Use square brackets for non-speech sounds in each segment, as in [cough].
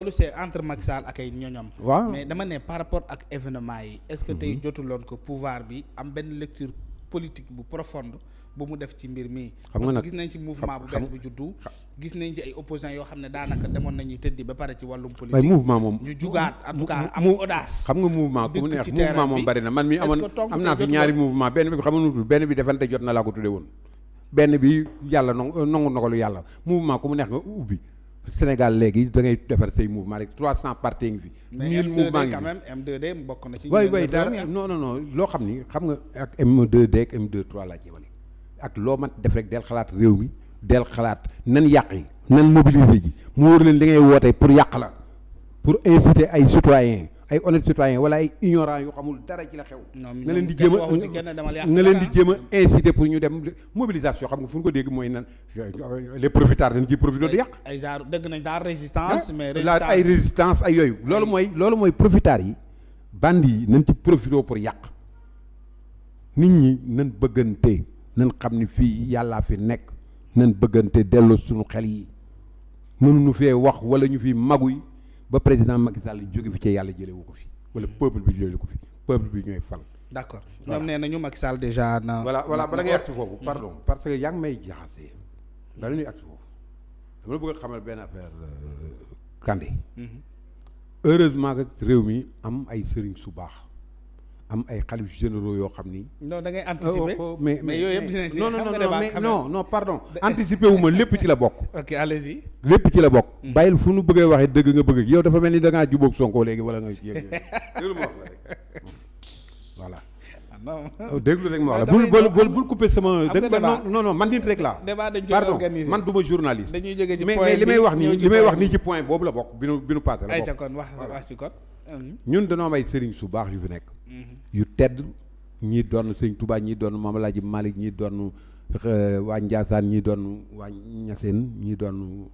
loolu c'est entre Macky Sall ak ay ñoñam waaw mais dama ne par rapport ak événement yi est-ce que mm-hmm. loon ko pouvoir bi am benn lecture politique bu profonde bu mu def ci mbir mi parce que gis nañ ci mouvement bu bees bu juddu gis nañ ci ay opposants yoo xam ne daanaka demoon nañu tëddi ba pare ci wàllum politique mouvement moom ñu jugaat en am audace xam nga mouvement ku mu neex mouvement moom bari na man mi amoon am naa fi ñaari mouvement benn bi xam nga nutul benn bi defante jot na laa ko tudde yàlla non nongu ndogalu yàlla mouvement ku mu Sénégal léegi da ngay defar say mouvement rek trois cent partis ngi fi. mille mouvement ngi fi mais M2D bokk na ci. dara ah. non non loo xam ni xam nga ak M2D ak M23 laa ci wane ak loo man def rek del xalaat réew mi del xalaat nan yàq yi nan mobiliser ji mu wóor leen da ngay woote pour yàq la pour inciter ay citoyens ay honnête citoyen wala ay ignorant yu xamul dara ci la xew na leen di jéem a na leen di jéem a incité pour ñu dem mobilisation xam nga fu ñu ko dégg mooy nan les profiteurs dañ ciy profité di yàq ay genre dëgg nañ daal résistance ah, mais la ay résistance ay yooyu loolu mooy loolu mooy profiteurs yi band yi nañ ci profité pour yàq nit ñi nan bëggante nañ xam ni fii yàllaa fi nekk nañ bëggante delloo suñu xel yi mënuñu fee wax wala ñu fi maguy ba président Macky Sall jóge fi ci yàlla jëlewu ko fi wala hmm. peuple bi jëlee ko fi peuple bi ñooy fal. d' accord ñoom nee nañu Macky Sall déjà na. voilà voilà bala ngay agsi foofu hmm. pardon parce que yaa ngi may jaxase bala ñuy agsi foofu dama la bëgg a xamal benn affaire euh, Kandé hmm. heureusement que réew mi am ay sëriñ su baax. am ay xalif généraux yoo xam ni. non da ngay anticiper oh, oh, mais mais yooyu yëpp dinañ ci non non non non pardon. anticiper wu ma lépp ci la bokk. [laughs] ok allez-y. lépp ci la bokk. Mm. bàyyil fu nu bëggee waxee dëgg nga bëgg yow dafa mel ni da ngaa jubóog Sonko léegi wala nga yëg [laughs] déglu ma wax la rek voilà. Ah, non oh, déglu rek ma wax la [laughs] bul bul bul couper sama. non non man nit rek laa. débat dañ koy organiser pardon man du ma journaliste. dañuy jóge ci point mais li may wax nii li may wax nii ci point boobu la bokk bi nu bi nu paase la bokk. ayca kon wax wax ci kon. Mm. ñun dañoo am ay sëriñ su baax yu fi nekk yu tedd ñii doon sëñ Touba ñii doon Maam Alaaji Malick ñii doon euh, waa Ndiassane ñii doon waa Ñaseen ñii doon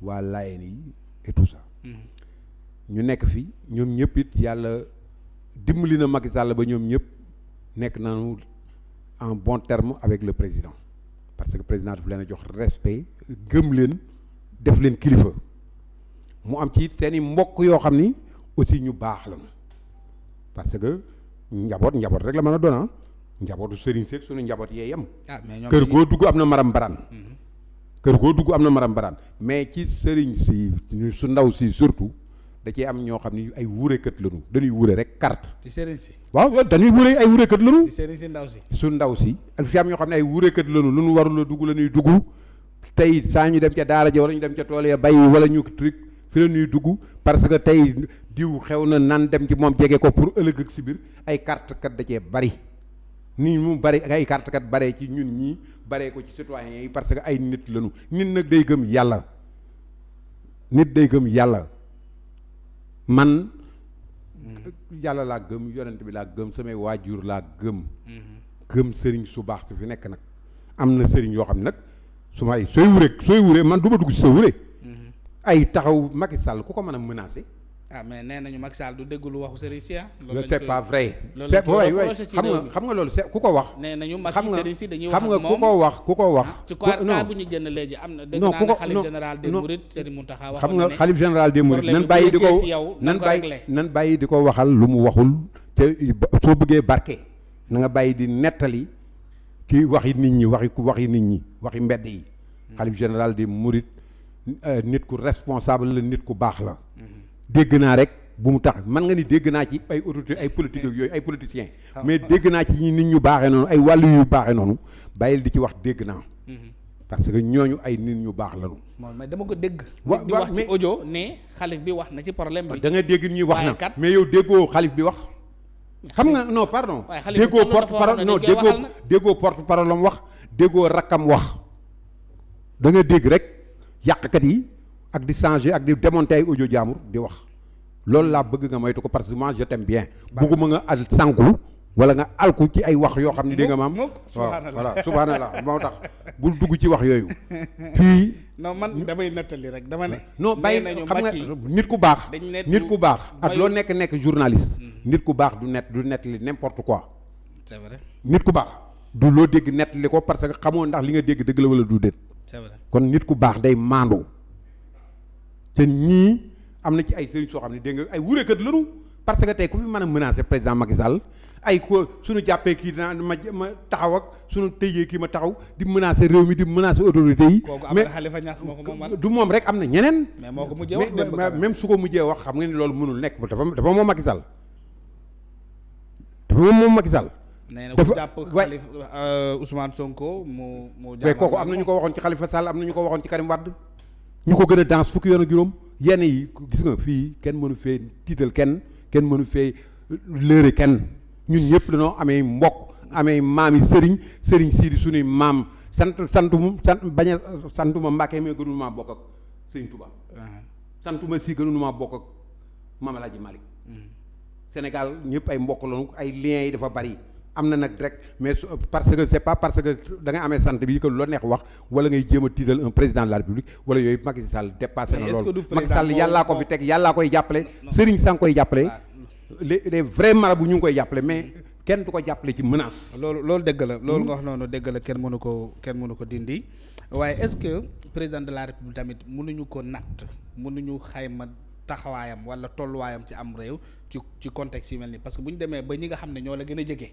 waa Laayeen yi et tout ça. Mm-hmm. ñu nekk fi ñoom ñëpp it yàlla dimbali na Macky Sall ba ñoom ñëpp nekk nañu en bon terme avec le président parce que président daf leen a jox respect gëm leen def leen kilifa mu am ci seeni mbokk yoo xam ni aussi ñu baax la parce njaboot njaboot rek la mën a doon ah. njabootu sëriñ seeg sunu njaboot yee yem. Ah, kër goo dugg am na maram baraan. Mhm. kër goo dugg am na maram baraan mais ci sëriñ si su ndaw si surtout da cee am ñoo xam ne ay wurekat lañu dañuy wure rek kart ci sëriñ si waaw dañuy wure ay wurekat lañu. ci sëriñ si ndaw si. su ndaw si fi am ñoo xam ne ay wurekat lañu lu nu warul a dugg la ñuy dugg tey saa ñu dem ca daara ja wala ñu dem ca tool ya bay wala ñu truc fi la ñuy dugg parce que tey diw xew na nan dem ci moom jege ko pour ëllëg ak si biir ay carte kat da cee bari ni mu bari ay carte kat baree ci ñun ñii baree ko ci citoyens yi parce que ay nit lañu nit nag day gëm yàlla nit day gëm yàlla man yàlla laa gëm yonent bi laa gëm samay waajur laa gëm mm-hmm. gëm sëriñ su baax su fi nekk nag am na sëriñ yoo xam nag su may sooy wure sooy wure man du ma dugg si sa wure ay taxaw Macky Sall ku ko mën a menacer. ah mais nee nañu Macky Sall du dégg lu waxu Serigne Sy ah. loolu c'est pas vrai. xam nga xam nga loolu c'est ku ko wax. nee nañu Macky Serigne Sy dañuy wax moom xam nga ku ko wax ku ko wax. Ah, ci bu ñu génn léegi am na. dégg naa ne xalif général des Mourides Serigne Mountakha wax na ne xam nga xalif général des Mourides nan bàyyi di ko nan bàyyi nan bàyyi di ko waxal lu mu waxul te soo bëggee barke na nga bàyyi di nettali kii waxi nit ñi waxi waxi nit ñi waxi mbedd yi xalif hmm. général des Mourides Euh, nit ku responsable la nit ku baax la dégg naa rek bu mu tax man nga ni dégg naa ci ay autorité ay politique yooyu ay politiciens ah. mais dégg naa ci nit ñu baaxee noonu ay wàllu yu baaxe noonu bàyyil di ci wax dégg naa mm-hmm. parce que ñooñu ay nit ñu baax lañu. moom mais dama ko dégg. wa di wax ci audio ne xalif bi wax na ci problème bi. da nga dégg ñuy wax na mais yow déggoo xalif bi wax. xam nga non pardon. déggoo porte parole non déggoo déggoo porte parole am wax déggoo rakkam wax da nga dégg rek. yàqkat yi ak di changer ak di démonter ay audio jaamur di wax loolu laa bëgg nga moytu ko parce que moi je t'aime bien. bëgguma nga al sànku wala nga alku ci ay wax yoo xam ne dégg nga maam. waaw voilà subhanallah moo tax bul dugg ci wax yooyu. [laughs] fii non man damay nettali rek dama ne. non bàyyi xam nga nit ku baax. nit ku baax ak loo nekk nekk journaliste. Mm. nit ku baax du net du nettali n'importe quoi. c'est nit ku baax du loo dégg nettali ko parce que xamoo ndax li nga dégg dëgg la wala du déet. c'est kon nit ku baax day maandu te ñii am na ci ay sëriñ soo xam ne dégg nga ay wurekat lañu parce que tey ku fi mën a menacer président Macky Sall ay ko suñu jàppee kii dinaa ma ma taxaw ak suñu tëjee kii ma taxaw di menacer réew mi di menacer autorité yi. mais Khalifa Niass moo ko moom du moom rek am na ñeneen. mais moo ko mujjee même su ko mujjee wax xam nga ni loolu mënul nekk dafa dafa moom Macky Sall dafa moom moom Macky nee na ku jàpp xalif euh, Ousmane Sonko mu moo jàmm kooku am na ñu ko waxoon ci Khalifa Sall am na ñu ko waxoon ci Karim Wade. ñu ko gën a danse fukki yoon ak juróom yenn yi gis nga fii kenn mënu fee tiital kenn kenn mënu fee euh, lëre kenn ñun ñëpp dañoo amee mbokk amee maam yi sëriñ sëriñ sii di suñuy maam sant santu mu sant bañ a santuma Mbàkke mais gënul maa bokk ak sëriñ Tuubaa uh-huh. santuma sii gënul maa bokk ak Maam Malik mm-hmm. Sénégal ñëpp ay mbokk lañu ay liens yi dafa bari am na nag rek mais parce que c'est pas parce que da ngay amee sant bi que loo neex wax wala ngay jéem a tiital un président de la république wala yooyu Macky Sall dépassé na loolu Macky Sall yàllaa ko fi teg yàllaa koy jàppale sëriñ sang koy jàppale ah. les les vrais marabout ñu ngi koy jàppale mais kenn du ko jàppale ci mën menace loolu loolu dëgg la loolu hmm? nga wax noonu dëgg la kenn mënu ko kenn mënu ko dindi waaye est-ce que président de la république tamit mënuñu ko natt mënuñu xayma taxawaayam wala tolluwaayam ci am réew ci ci contexte yu mel nii parce que bu demee ba ñi nga xam ne ñoo la gën a jege